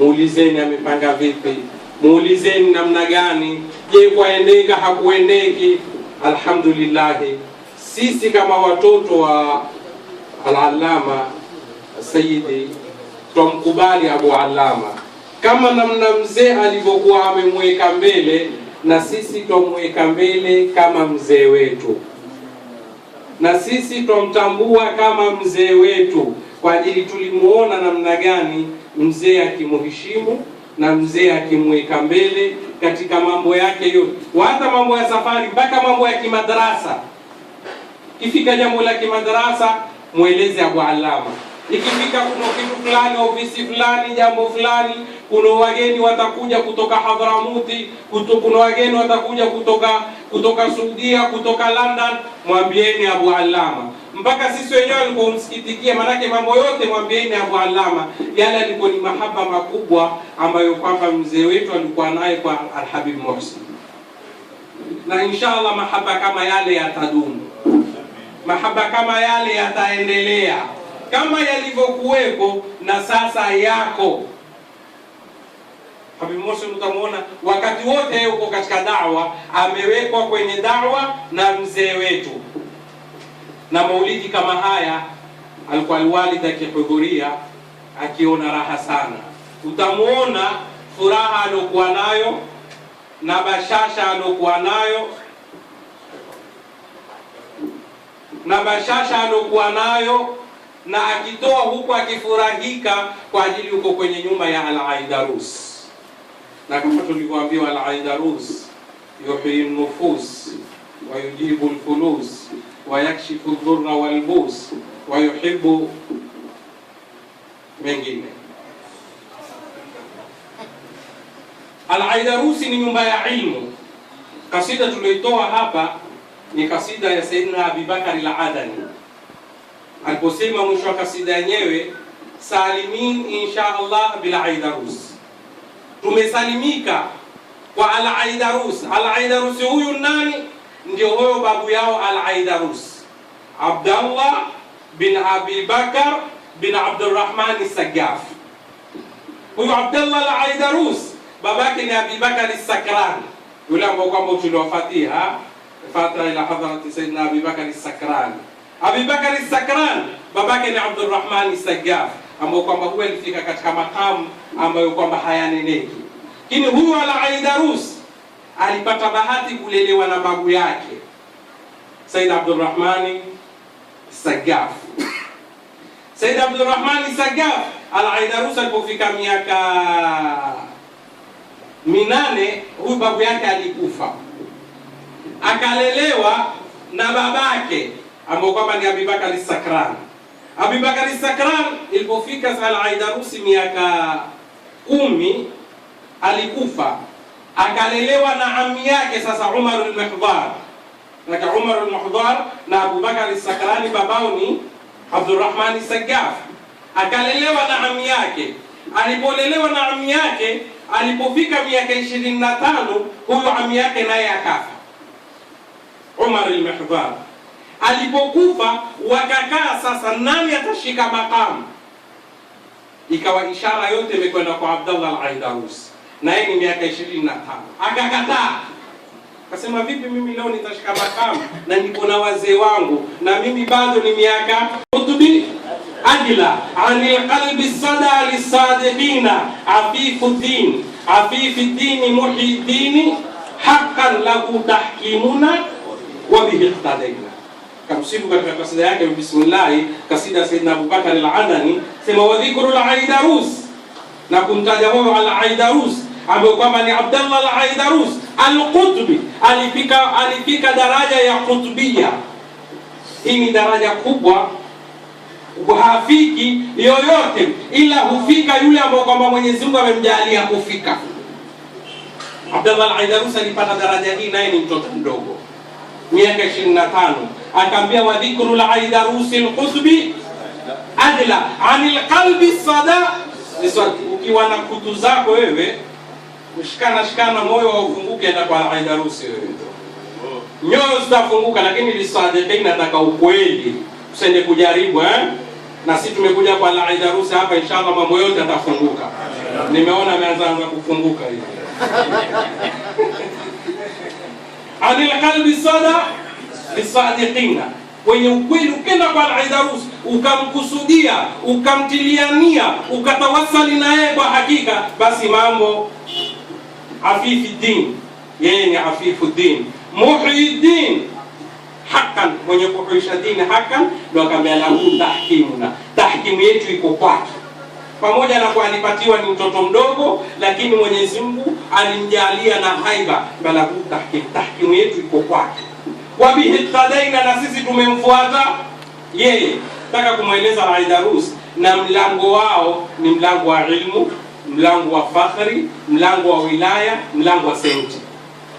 muulizeni amepanga vipi, muulizeni namna gani. Je, kwaendeka? Hakuendeki? Alhamdulillahi, sisi kama watoto wa Alalama Sayidi twamkubali Abu Alama kama namna mzee alivyokuwa amemweka mbele, na sisi twamweka mbele kama mzee wetu, na sisi twamtambua kama mzee wetu, kwa ajili tulimuona namna gani mzee akimheshimu na mzee akimweka mbele katika mambo yake yote, hata mambo ya safari mpaka mambo ya kimadarasa. Ikifika jambo la kimadarasa, mweleze Abu Alama. Ikifika kuna kitu fulani, ofisi fulani, jambo fulani, kuna wageni watakuja kutoka Hadhramuti, kuna wageni watakuja kutoka kutoka Saudia, kutoka London, mwambieni Abu Alama mpaka sisi wenyewe alipomsikitikia. Maanake mambo yote mwambieni Abu Alama, yale alikuwa ni mahaba makubwa ambayo kwamba mzee wetu alikuwa naye kwa Alhabib Mohsin, na inshallah mahaba kama yale yatadumu, mahaba kama yale yataendelea kama yalivyokuwepo na sasa yako. Habib utamwona wakati wote yuko katika dawa, amewekwa kwenye dawa na mzee wetu na maulidi kama haya alikuwa alwalid akihudhuria akiona raha sana, utamwona furaha aliokuwa nayo na bashasha aliokuwa nayo na bashasha aliokuwa nayo na akitoa huku akifurahika kwa ajili yuko kwenye nyumba ya alaidarus na kama tulivyoambiwa alaidarus yuhii nufus ويجيب الكنوز ويكشف الضر والبوس ويحب mengine. al ni nyumba ya ilmu. Kasida tulioitoa hapa ni kasida ya Saidina Abibakari al aliposema mwisho wa kasida yenyewe, salimin insha Allah bil tumesalimika kwa Al-Aidarusi. huyu nani? ndio huyo babu yao Al-Aidarus Abdallah bin Abi Bakar bin Abdurrahman Sagaf. Huyo Abdallah Al-Aidarus babake ni Abi Bakar Sakran, yule ambao kwamba tuliwafatia fatra ila hadhrati Sayyidina Abi Bakar Sakran. Abi Bakar Sakran babake ni Abdurrahman Sagaf, ambao kwamba huyo alifika katika makamu ambayo kwamba hayaneneki, lakini huyo Al-Aidarus alipata bahati kulelewa na babu yake Said Abdurrahmani Sagaf. Said Abdurrahmani Sagaf Al-Aidarus alipofika miaka minane, huyu babu yake alikufa, akalelewa na babake ambao kwamba ni Abibakari Sakran. Abibakari Sakran ilipofika alaidarusi miaka kumi alikufa akalelewa na ami yake sasa Umar al-Miqdar na Umar al-Miqdar na Abu Bakar al-Sakrani babao ni Abdurrahman al-Saggaf akalelewa na ami yake alipolelewa na ami yake alipofika miaka ishirini na tano huyo ami yake naye akafa Umar al-Miqdar alipokufa wakakaa sasa nani atashika makamu ikawa ishara yote imekwenda kwa Abdullah al-Aidausi na yeye ni miaka ishirini na tano akakataa. Kasema vipi, mimi leo nitashika makamu na niko na wazee wangu na mimi bado ni miaka utubi adila ani qalbi sada lisadiqina afifu din afifi dini muhi dini haqqan lahu tahkimuna wa bihi iqtadayna. Kamsifu katika kasida yake bismillahi, kasida ya Sayyidina Abubakar al-Adnani, sema wa dhikru aidarus na kumtaja huyo al-Aidarus ambayo kwamba ni Abdallah al-Aidarus al-Qutbi alifika, alifika daraja ya kutubia. Hii ni daraja kubwa, hafiki yoyote ila hufika yule ambayo kwamba Mwenyezi Mungu amemjalia kufika. Abdallah al-Aidarus alipata daraja hii, naye ni mtoto mdogo, miaka 25, akaambia wa dhikru al-Aidarus al-Qutbi adla anil qalbi sada. Ukiwa na kutu zako wewe kushikana shikana, moyo haufunguki hata kwa aida harusi wewe, oh. nyoyo zitafunguka, lakini lisadiki, nataka ukweli, usende kujaribu eh? na si tumekuja kwa aida harusi hapa, inshallah mambo yote atafunguka. Nimeona ameanza kufunguka hivi anil qalbi sada lisadiqina kwenye ukweli. Ukenda kwa aidarus ukamkusudia ukamtiliania ukatawasali naye kwa hakika, basi mambo Afifi din, yeye ni afifu din. Muhyi din mwenye kuhuisha dini hakan, ndo akamwambia lahu tahkimuna, tahkimu yetu iko kwake pamoja na kuwa alipatiwa ni mtoto mdogo, lakini Mwenyezi Mungu alimjalia na haiba bala tahkim, tahkimu yetu iko kwake. Wabihi tadaina, na sisi tumemfuata yeye. Nataka kumweleza raidarus na mlango wao ni mlango wa ilmu mlango wa Fakhri, mlango wa wilaya, mlango wa senti